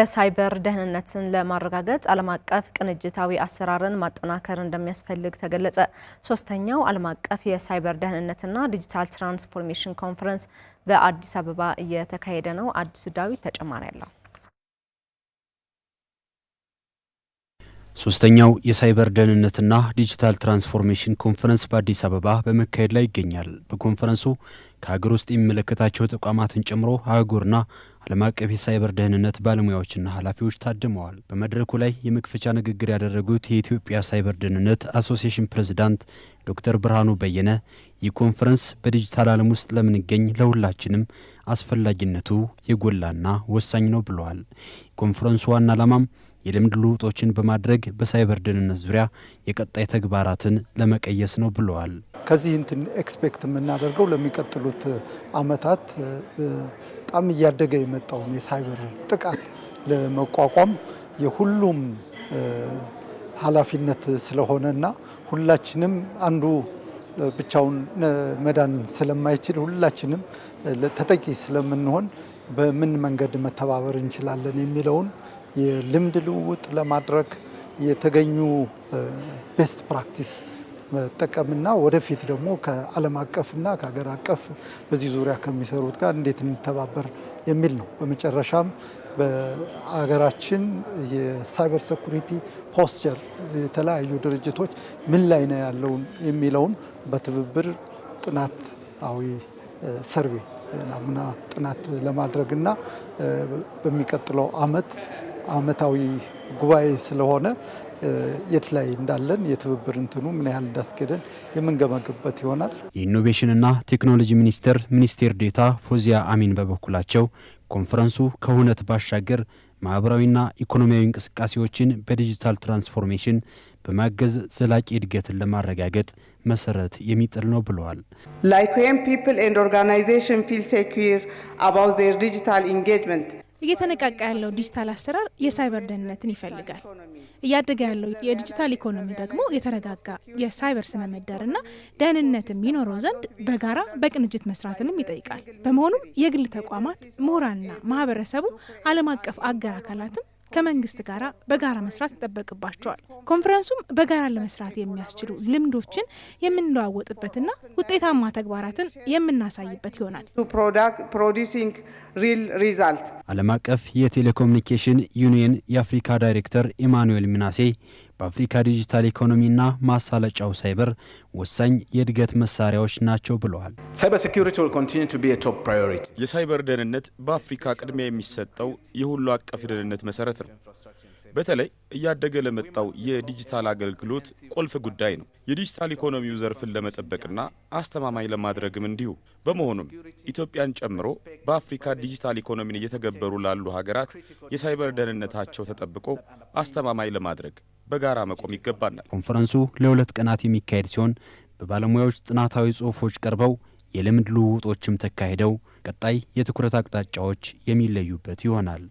የሳይበር ደህንነትን ለማረጋገጥ ዓለም አቀፍ ቅንጅታዊ አሰራርን ማጠናከር እንደሚያስፈልግ ተገለጸ። ሶስተኛው ዓለም አቀፍ የሳይበር ደህንነትና ዲጂታል ትራንስፎርሜሽን ኮንፈረንስ በአዲስ አበባ እየተካሄደ ነው። አዲሱ ዳዊት ተጨማሪ አለው። ሶስተኛው የሳይበር ደህንነትና ዲጂታል ትራንስፎርሜሽን ኮንፈረንስ በአዲስ አበባ በመካሄድ ላይ ይገኛል። በኮንፈረንሱ ከሀገር ውስጥ የሚመለከታቸው ተቋማትን ጨምሮ አህጉርና ዓለም አቀፍ የሳይበር ደህንነት ባለሙያዎችና ኃላፊዎች ታድመዋል። በመድረኩ ላይ የመክፈቻ ንግግር ያደረጉት የኢትዮጵያ ሳይበር ደህንነት አሶሲሽን ፕሬዝዳንት ዶክተር ብርሃኑ በየነ ይህ ኮንፈረንስ በዲጂታል ዓለም ውስጥ ለምንገኝ ለሁላችንም አስፈላጊነቱ የጎላና ወሳኝ ነው ብለዋል። የኮንፈረንሱ ዋና ዓላማም የልምድ ልውጦችን በማድረግ በሳይበር ደህንነት ዙሪያ የቀጣይ ተግባራትን ለመቀየስ ነው ብለዋል። ከዚህ እንትን ኤክስፔክት የምናደርገው ለሚቀጥሉ ባሉት አመታት በጣም እያደገ የመጣውን የሳይበር ጥቃት ለመቋቋም የሁሉም ኃላፊነት ስለሆነ እና ሁላችንም አንዱ ብቻውን መዳን ስለማይችል ሁላችንም ተጠቂ ስለምንሆን በምን መንገድ መተባበር እንችላለን የሚለውን የልምድ ልውውጥ ለማድረግ የተገኙ ቤስት ፕራክቲስ መጠቀምና ወደፊት ደግሞ ከዓለም አቀፍና ከሀገር አቀፍ በዚህ ዙሪያ ከሚሰሩት ጋር እንዴት እንተባበር የሚል ነው። በመጨረሻም በሀገራችን የሳይበር ሴኩሪቲ ፖስቸር የተለያዩ ድርጅቶች ምን ላይ ነው ያለውን የሚለውን በትብብር ጥናታዊ ሰርቬ ናሙና ጥናት ለማድረግና በሚቀጥለው ዓመት አመታዊ ጉባኤ ስለሆነ የት ላይ እንዳለን የትብብር እንትኑ ምን ያህል እንዳስገደን የምንገመግበት ይሆናል። የኢኖቬሽንና ቴክኖሎጂ ሚኒስቴር ሚኒስቴር ዴታ ፎዚያ አሚን በበኩላቸው ኮንፈረንሱ ከእውነት ባሻገር ማኅበራዊና ኢኮኖሚያዊ እንቅስቃሴዎችን በዲጂታል ትራንስፎርሜሽን በማገዝ ዘላቂ እድገትን ለማረጋገጥ መሰረት የሚጥል ነው ብለዋል። ላይክ ዌን ፒፕል ኤንድ ኦርጋናይዜሽን ፊል ሴኩር አባውት ዜር ዲጂታል ኢንጌጅመንት እየተነቃቃ ያለው ዲጂታል አሰራር የሳይበር ደህንነትን ይፈልጋል። እያደገ ያለው የዲጂታል ኢኮኖሚ ደግሞ የተረጋጋ የሳይበር ስነ ምህዳርና ደህንነት የሚኖረው ዘንድ በጋራ በቅንጅት መስራትንም ይጠይቃል። በመሆኑም የግል ተቋማት፣ ምሁራንና ማህበረሰቡ ዓለም አቀፍ አገር አካላትም ከመንግስት ጋር በጋራ መስራት ይጠበቅባቸዋል። ኮንፈረንሱም በጋራ ለመስራት የሚያስችሉ ልምዶችን የምንለዋወጥበትና ውጤታማ ተግባራትን የምናሳይበት ይሆናል። ዓለም አቀፍ የቴሌኮሙኒኬሽን ዩኒየን የአፍሪካ ዳይሬክተር ኢማኑኤል ሚናሴ በአፍሪካ ዲጂታል ኢኮኖሚና ማሳለጫው ሳይበር ወሳኝ የእድገት መሳሪያዎች ናቸው ብለዋል። የሳይበር ደህንነት በአፍሪካ ቅድሚያ የሚሰጠው የሁሉ አቀፍ ደህንነት መሰረት ነው። በተለይ እያደገ ለመጣው የዲጂታል አገልግሎት ቁልፍ ጉዳይ ነው። የዲጂታል ኢኮኖሚው ዘርፍን ለመጠበቅና አስተማማኝ ለማድረግም እንዲሁ። በመሆኑም ኢትዮጵያን ጨምሮ በአፍሪካ ዲጂታል ኢኮኖሚን እየተገበሩ ላሉ ሀገራት የሳይበር ደህንነታቸው ተጠብቆ አስተማማኝ ለማድረግ በጋራ መቆም ይገባናል። ኮንፈረንሱ ለሁለት ቀናት የሚካሄድ ሲሆን በባለሙያዎች ጥናታዊ ጽሑፎች ቀርበው የልምድ ልውውጦችም ተካሂደው ቀጣይ የትኩረት አቅጣጫዎች የሚለዩበት ይሆናል።